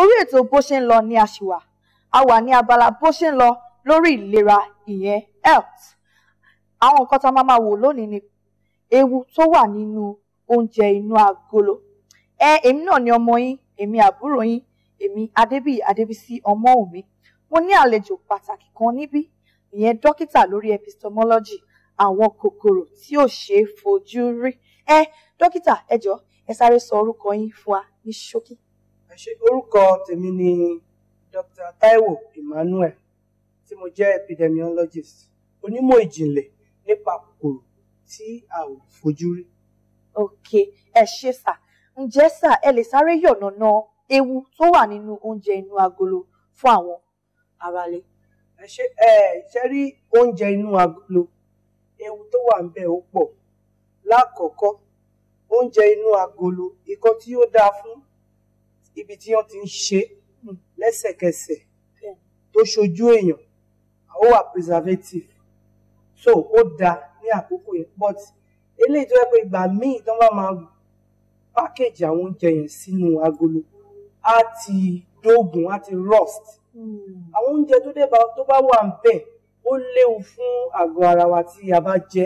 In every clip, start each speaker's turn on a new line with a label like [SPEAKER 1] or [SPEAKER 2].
[SPEAKER 1] orí ètò bó ṣe ń lọ ni a ṣì wà a wà ní abala bó ṣe ń lọ lórí ìlera ìyẹn health àwọn nǹkan tá a máa wò lónìí ni ewu tó wà nínú oúnjẹ inú agolo ẹ èmi náà ni ọmọ yín èmi àbúrò yín èmi adébíyì adébísí ọmọ òmi mo ní àlejò pàtàkì kan níbí ìyẹn dókítà lórí epistemology àwọn kòkòrò tí ò ṣeé fojú rí ẹ dókítà ẹ jọ̀ọ́ ẹ sáré sọ orúkọ yín fún wa ní ṣókí
[SPEAKER 2] ẹ ṣé orúkọ tèmi ni Dr. Taiwo Emmanuel tí mo jẹ́ epidemiologist onímọ̀ ìjìnlẹ̀ nípa kòkòrò
[SPEAKER 1] tí a ò fojú rí. ok ẹ ṣé sà ǹjẹ́ sà ẹ lè sáré yọ̀nàna ewu tó wà nínú oúnjẹ inú agolo fún àwọn aráalé. ẹ ṣé ẹ
[SPEAKER 2] ṣe rí oúnjẹ inú agolo ewu tó wà ń bẹ ó pọ̀ lákọ̀ọ́kọ́ oúnjẹ inú agolo ìkan tí ó dáa fún ibi tí wọ́n ti ń ṣe hmm. lẹ́sẹ̀kẹsẹ̀ tó ṣojú èèyàn ó wà preservative so ó da ní àkókò yẹn but eléyìí tó yẹ pé ìgbà míì tó bá máa package àwọn oúnjẹ yẹn sínú agolo á ti dógùn á ti rust hmm. àwọn oúnjẹ tó débà tó bá wà ń bẹ̀ ó léwu fún àgọ́ ara wa tí a bá jẹ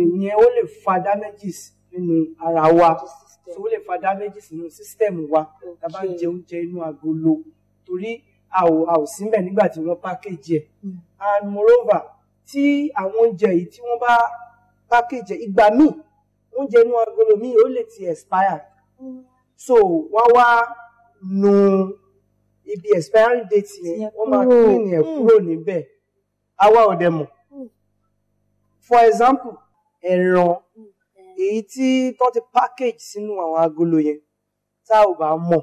[SPEAKER 2] ìyẹn ó lè fa damages nínú ara wa. Mm so ó lè fa damage sínú system wa tá a bá ń jẹ oúnjẹ inú agolo torí a ò a ò síbẹ̀ nígbà tí wọ́n package ẹ̀ hmm. and moreover tí àwọn oúnjẹ yìí tí wọ́n bá package ìgbà míì oúnjẹ inú agolo míì ó lè ti expire hmm. so wọ́n wá nu ibi expiring date yẹn wọ́n máa clean ẹ̀ hmm. kúrò níbẹ̀ àwa ò dẹ̀ mọ̀ for example ẹran èyí tí tó ti package sínú àwọn agolo yẹn tá ò bá mọ̀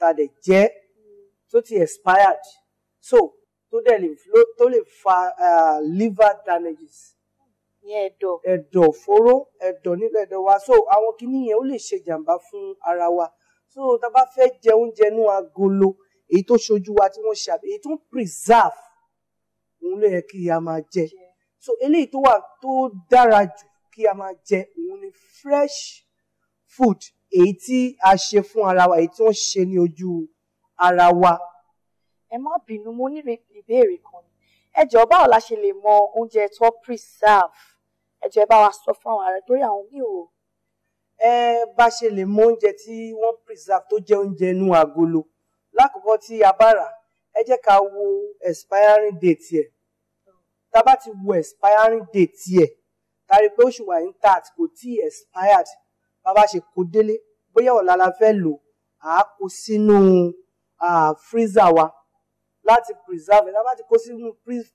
[SPEAKER 2] tá dẹ̀ jẹ́ tó ti expired so tó dẹ̀ lè tó lè fa liver damages. ní ẹ̀dọ̀. ẹ̀dọ̀ fóró ẹ̀dọ̀ nílẹ̀ ẹ̀dọ̀ wa so àwọn kìíní yẹn ó lè ṣe jàǹbá fún ara wa so tá a bá fẹ́ jẹ oúnjẹ inú agolo èyí tó ṣojú wa tí wọ́n ṣe àbí èyí tó ń preserve òun ló yẹ kí a máa jẹ so eléyìí tó wà tó dára jù kí a máa jẹ òun ni fresh food èyí tí a ṣe fún ara wa èyí tí wọ́n ṣe ní ojú ara wa.
[SPEAKER 1] ẹ má bínú mo ní ìbéèrè kan ni ẹ jọ̀ọ́ báwo ṣe lè mọ oúnjẹ tó preserve ẹ jọ̀ọ́ ẹ bá wa sọ fún àwọn ará torí àwọn mi ò. ẹ bá ṣe lè mọ oúnjẹ tí wọ́n preserve tó jẹ́ oúnjẹ inú
[SPEAKER 2] agolo lákòókò tí a bá rà ẹ jẹ́ ká wo expiring date yẹ tá a bá ti wo expiring date yẹ ká rí i pé ó intact kò tí ì expired bá bá ṣe kó délé bóyá ọ̀la la fẹ́ lò á kó sínú freezer wa láti preserve ẹ̀ tá bá ti kó sínú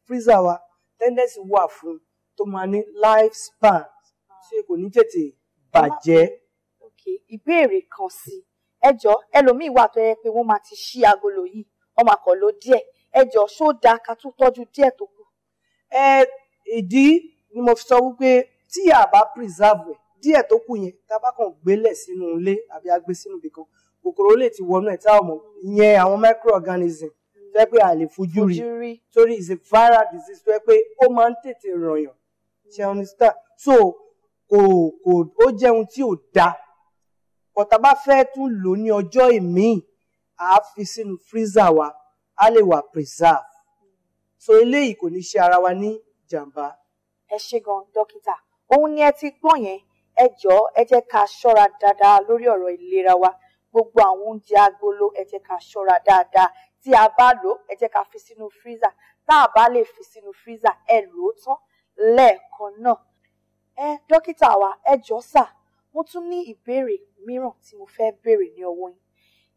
[SPEAKER 2] freezer wa tendency wà fún tó máa ní life span ṣé kò ní tètè bàjẹ́.
[SPEAKER 1] ìbéèrè kan sí ẹjọ́ ẹlòmíín wà tó yẹ pé wọ́n máa ti ṣí agolo yìí ọmọ àkànlò díẹ̀ ẹjọ́ ṣó dáa ká tún tọ́jú díẹ̀ tó kù. ẹ ìdí ni mo fi sọ wípé tí a bá preserve ẹ̀
[SPEAKER 2] díẹ̀ tó kù yẹn tá a bá kàn gbélẹ̀ sínú ilé àbí agbé sínú ibìkan kòkòrò lè ti wọnú ẹ̀ tá a mọ̀ ìyẹn àwọn microorganism tó pé a lè fojú rí torí is a viral disease tó pé ó máa ń tètè rànyàn ṣe understand so kò kò ó jẹ́ ohun tí ò dáa but tá bá fẹ́ tún lò ní ọjọ́ ìmíì a fi sínú freezer wa a lè wà preserve so eléyìí kò ní
[SPEAKER 1] ṣe ara wa ní jàǹbá ẹ ṣé gan dókítà òun ni ẹ ti gbọ́ yẹn ẹ jọ̀ọ́ ẹ jẹ́ ká ṣọ́ra dáadáa lórí ọ̀rọ̀ ìlera wa gbogbo àwọn oúnjẹ agolo ẹ jẹ́ ká ṣọ́ra dáadáa tí a bá lò ẹ jẹ́ ká fi sínú freezer tá a bá lè fi sínú freezer ẹ lò ó tán lẹ́ẹ̀kan náà ẹ dókítà wa ẹ jọ̀ọ́ sà mo tún ní ìbéèrè mìíràn tí mo fẹ́ béèrè ní ọwọ́ yín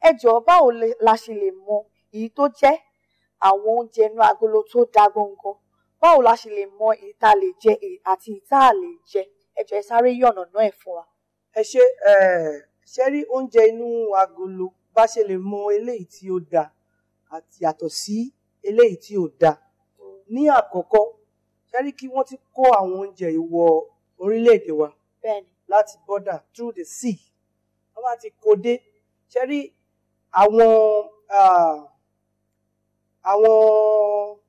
[SPEAKER 1] ẹ jọ̀ọ́ báwo la ṣe lè mọ èyí tó jẹ́ àwọn oúnjẹ inú agolo tó da gangan báwo la ṣe lè mọ èyí jẹ àti èyí jẹ ẹ ẹ sáré yọ̀nà náà ẹ̀ fún wa. ẹ ṣe ṣe rí oúnjẹ inú agolo bá ṣe lè mọ
[SPEAKER 2] eléyìí tí ó dáa àti yàtọ̀ sí eléyìí tí ò dáa ní àkọ́kọ́ ṣe rí kí wọ́n ti kó àwọn oúnjẹ ìwọ orílẹ̀-èdè wa láti border through the sea wọ́n bá ti kó dé ṣe rí àwọn àwọn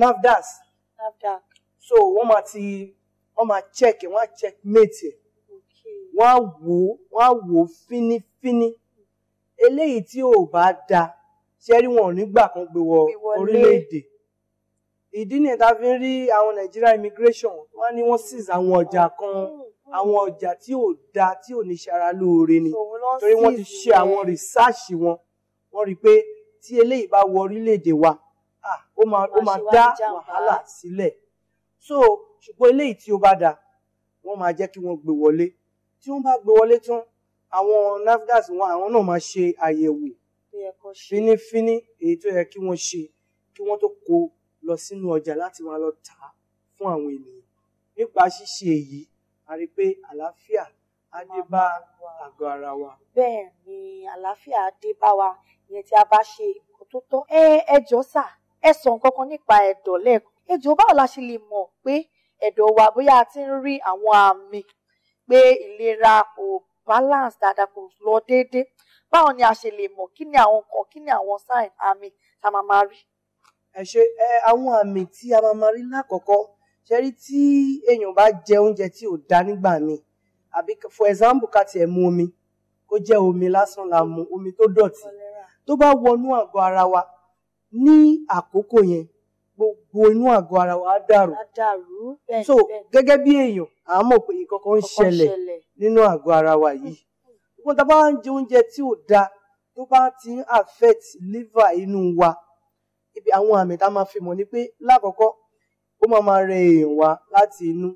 [SPEAKER 2] NAFDAS so wọ́n máa ti wọ́n máa check ẹ̀ wọ́n á check mate ẹ̀ wọ́n á wò ó wọ́n á wò ó fínífíní eléyìí tí ò bá da ṣe rí wọn ò ní gbà kan gbé wọ orílẹ̀-èdè ìdí nìyẹn tá a fi ń rí àwọn Nigeria immigration wọ́n ní wọ́n seize àwọn ọjà kan mm, mm. àwọn ọjà tí ò da tí ò ní ṣara lóore ni torí wọ́n ti ṣe àwọn research wọn wọ́n rí i pé tí eléyìí bá wọ orílẹ̀-èdè wa o máa dá wàhálà sílẹ̀ so ṣùgbọ́n eléyìí tí ó bá da wọ́n máa jẹ́ kí wọ́n gbé wọlé tí wọ́n bá gbé wọlé tán àwọn NAFDAC wọn àwọn náà máa ṣe àyẹ̀wò fínífíní èyí tó yẹ kí wọ́n ṣe kí wọ́n tó kó lọ sínú ọjà láti máa lọ tà á fún àwọn ènìyàn nípa ṣíṣe èyí a rí i pé àlàáfíà á dé bá àgọ́ ara wa.
[SPEAKER 1] bẹ́ẹ̀ ni àlàáfíà á dé bá wa ìyẹn tí a bá ṣe nǹkan tó tọ́ ẹ ẹ jọ sáà ẹ sọ nǹkan kan nípa ẹ̀dọ̀ lẹ́ẹ̀kan ẹjọ báwo la ṣe lè mọ̀ pé ẹ̀dọ̀ wa bóyá a ti ń rí àwọn àmì pé ìlera kò balance dáadáa kò lọ déédéé báwo ni a ṣe lè mọ̀ kí ni àwọn nǹkan kí ni àwọn sign àmì tá a máa máa rí. ẹ ṣe ẹ àwọn àmì tí a
[SPEAKER 2] máa máa rí lákọ̀ọ́kọ́ ṣe rí tí èèyàn bá jẹ oúnjẹ tí ò da nígbà míì àbí for example ká tiẹ̀ mu omi kó jẹ́ omi lásán la mu omi tó dọ̀tí tó bá wọnú àgọ́ ara wa ní àkókò yẹn gbogbo inú àgọ́ ara wa á dàrú
[SPEAKER 1] so gẹ́gẹ́
[SPEAKER 2] bí èèyàn a ń mọ̀ pé nǹkan kan ń ṣẹlẹ̀ nínú àgọ́ ara wa yìí wọn tá a bá ń jẹ oúnjẹ tí ò dáa tó bá ti ń affect liver inú wa ibi àwọn àmì tá a máa fi mọ̀ ni pé lákọ̀ọ́kọ́ ó máa máa rẹ èèyàn wá láti inú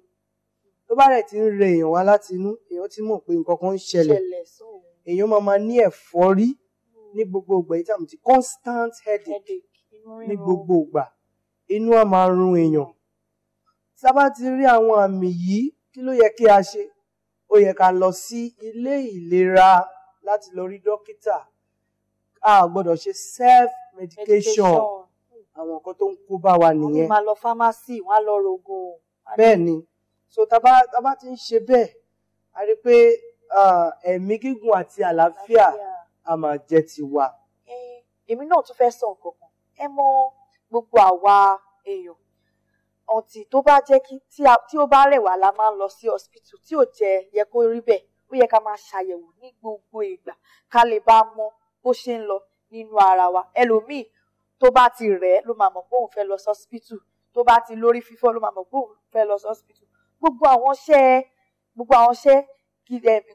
[SPEAKER 2] tó bá rẹ̀ ti ń rẹ èèyàn wá láti inú èèyàn ti mọ̀ pé nǹkan ń ṣẹlẹ̀ èèyàn máa máa ní ẹ̀fọ́rí ní gbogbo ìgbà yìí tàbí constant headache ní gbogbo ìgbà inú á máa run èèyàn sábà ti rí àwọn àmì yìí kí ló yẹ kí a ṣe ó yẹ ká lọ sí ilé ìlera láti lọ rí dókítà a gbọ́dọ̀ ṣe self medication àwọn nǹkan tó ń kó bá wa nìyẹn. wọ́n máa
[SPEAKER 1] lọ pharmacy wọ́n á lọ rogo. bẹ́ẹ̀ ni so tábà tábà ti ń ṣe bẹ́ẹ̀
[SPEAKER 2] a rí i pé ẹ̀mí gígùn àti àlàáfíà á máa jẹ́ tiwa.
[SPEAKER 1] èmi náà tún fẹ́ sọ nǹkan kan ẹ mọ gbogbo àwa èèyàn ọ̀ǹtì tó bá jẹ́ kí tí ó bá rẹ̀ wá la máa ń lọ sí hospital tí ò jẹ́ yẹ kó rí bẹ́ẹ̀ ó yẹ ká máa ṣàyẹ̀wò ní gbogbo ìgbà ká lè bá mọ bó ṣe ń lọ nínú ara wa ẹlòmíì tó bá ti rẹ̀ ló máa mọ̀ pé òun fẹ́ lọ sí hospital tó bá ti lórí fífọ́ ló máa mọ̀ pé òun fẹ́ lọ sí hospital gbogbo àwọn iṣẹ́ gbogbo àwọn iṣẹ́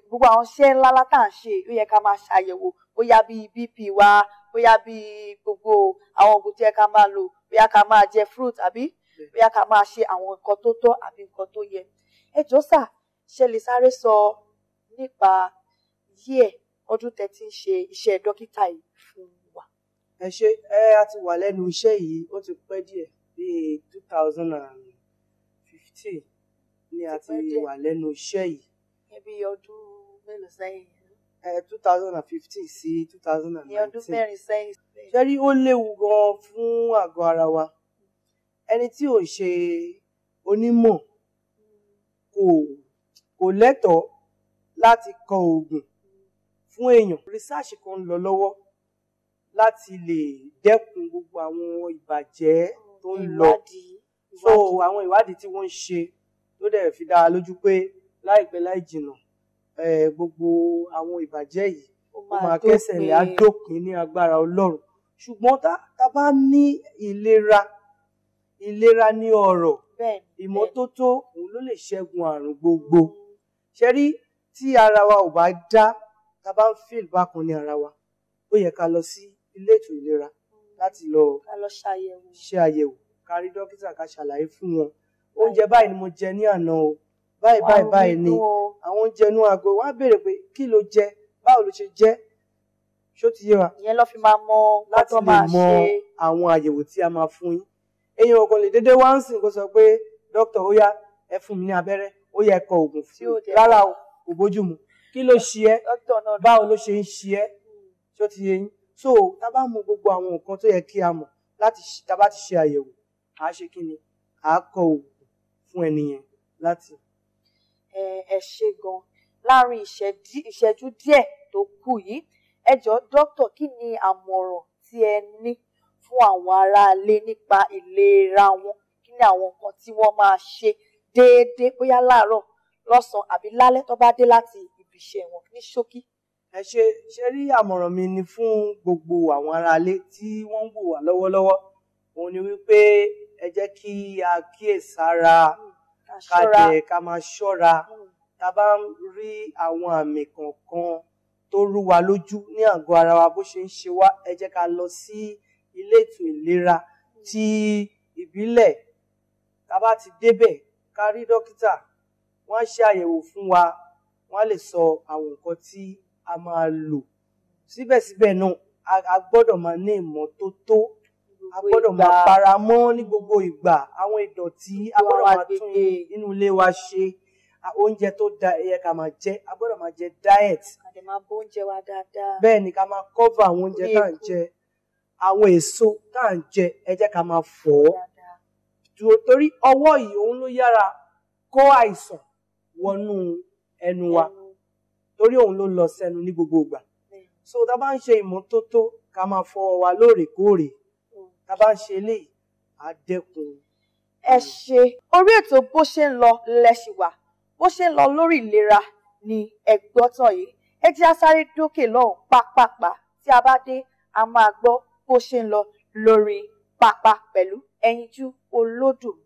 [SPEAKER 1] gbogbo àwọn iṣẹ́ ńlá látà ń ṣe ó yẹ ká máa ṣàyẹ̀wò bóyá bí bp wa bóyá bí gbogbo àwọn oògùn tí ẹ ká máa lò bóyá ká máa jẹ fruit àbí bóyá ká máa ṣe àwọn nǹkan tó tọ́ àbí nǹkan tó yẹ ẹ jọ sà ṣe lè sáré sọ nípa yíẹ ọdún tẹ́ ti ń ṣe iṣẹ́ dókítà yìí fún wa. ẹ ṣe ẹ a ti wà lẹ́nu iṣẹ́ yìí ó ti pẹ́ díẹ̀ bíi two
[SPEAKER 2] thousand and fifteen ni a ti wà lẹ́nu iṣẹ́ yìí.
[SPEAKER 1] ẹbí ọdún mélòó sẹ́yìn
[SPEAKER 2] 2015, thousand and fifteen sí two thousand and nineteen. ní ọdún mẹ́rin
[SPEAKER 1] sẹ́yìn. ṣẹ́rí
[SPEAKER 2] ó léwu gan-an fún àgọ́ ara wa ẹni tí ò ṣe onímọ̀ kò kò lẹ́tọ̀ọ́ láti kọ oògùn fún èèyàn. research kan ń lọ lọ́wọ́ láti lè dẹ́kun gbogbo àwọn ìbàjẹ́ tó ń lọ so àwọn ìwádìí tí wọ́n ń ṣe ló dẹ̀ fi dára lójú pé láìpẹ́ láì jìnnà gbogbo àwọn ìbàjẹ́ yìí ó máa kẹsẹ̀ rẹ̀ á dópin ní agbára ọlọ́run ṣùgbọ́n tá a bá ní ìlera ìlera ní ọrọ̀ ìmọ́tótó òun ló lè ṣẹ́gun àrùn gbogbo mm. ṣe rí tí ara wa ò bá dá tá a bá ń feel bákan ní ara wa ó yẹ ká lọ sí ilé ètò ìlera mm. láti lọ ṣe àyẹ̀wò ká rí dókítà ká ṣàlàyé fún wọn oúnjẹ báyìí ni mo jẹ ní àná o báyìí báyìí báyìí ni àwọn oúnjẹ inú aago wá béèrè pé kí ló jẹ báwo ló ṣe jẹ ṣó ti yé wa. ìyẹn lọ fi máa mọ ọtọ máa ṣe láti lè mọ àwọn àyẹ̀wò tí a máa fún yín èèyàn ọkàn lè déédéé wá ń sìn kó sọ pé dókítà ó yá ẹ fún mi ní abẹ́rẹ́ ó yẹ kọ oògùn fún mi rárá o bójú mu kí ló ṣe ẹ́ báwo ló ṣe ń ṣe ẹ́ ṣó ti yé yín so tá a bá mọ gbogbo àwọn nǹkan tó yẹ kí a mọ̀ láti tá a bá ti ṣe àyẹ̀wò àá ṣe kí ni àá kọ oògùn fún ẹnìyẹn láti
[SPEAKER 1] ẹ ṣe gan láàrin ìṣẹ́jú díẹ̀ tó kù yìí ẹ jọ̀ọ́ dókítà kí ni àmọ̀ràn tí ẹ ní fún àwọn aráalé nípa ìlera wọn kí ni àwọn nǹkan tí wọ́n máa ṣe déédéé bóyá láàárọ̀ lọ́sàn àbí lálẹ́ tó bá dé láti ibi iṣẹ́ wọn ní ṣókí.
[SPEAKER 2] ẹ ṣe ṣe rí àmọ̀ràn mi ni fún gbogbo àwọn aráalé tí wọ́n ń wò wá lọ́wọ́lọ́wọ́ òun ni wípé ẹ jẹ́ kí a kíyèsára. Mm ká jẹ ká máa ṣọ́ra tá a bá ń rí àwọn àmì kọ̀ọ̀kan tó rú wa lójú ní àgọ́ ara wa bó ṣe ń ṣe wá ẹ jẹ́ ká lọ sí ilé ètò ìlera ti ìbílẹ̀ tá bá ti débẹ̀ ká rí dókítà wọ́n á ṣe àyẹ̀wò fún wa wọ́n á lè sọ àwọn nǹkan tí a máa lò síbẹ̀síbẹ̀ náà a gbọ́dọ̀ máa ní ìmọ́tótó a gbọ́dọ̀ máa para mọ́ ní gbogbo ìgbà àwọn ìdọ̀tí a gbọ́dọ̀ máa tún inú ilé wa ṣe oúnjẹ tó da ẹyẹ ká máa jẹ a gbọ́dọ̀ máa jẹ diet. a
[SPEAKER 1] dẹ̀ máa bó oúnjẹ wa dáadáa. bẹ́ẹ̀ ni ká máa
[SPEAKER 2] cover àwọn oúnjẹ tá à ń jẹ àwọn èso tá à ń jẹ ẹ ká máa fọ̀ torí ọwọ́ yìí òun ló yára kó àìsàn wọnú ẹnu wa torí òun ló lọ sẹ́nu ní gbogbo ìgbà so tá a bá ń ṣe ìmọ́tótó
[SPEAKER 1] ká máa fọ wa lóòrèkóòrè tá a bá ń ṣe eléyìí á dẹ́kun. ẹ ṣe orí ètò bó ṣe ń lọ lẹ́ṣin bó ṣe ń lọ lórí ìlera ni ẹgbọ́tàn yìí ẹ jẹ́ asáré dókè lọ́hùn pápápá tí a bá dé a máa gbọ́ bó ṣe ń lọ lórí pápá pẹ̀lú ẹyinjú olódùn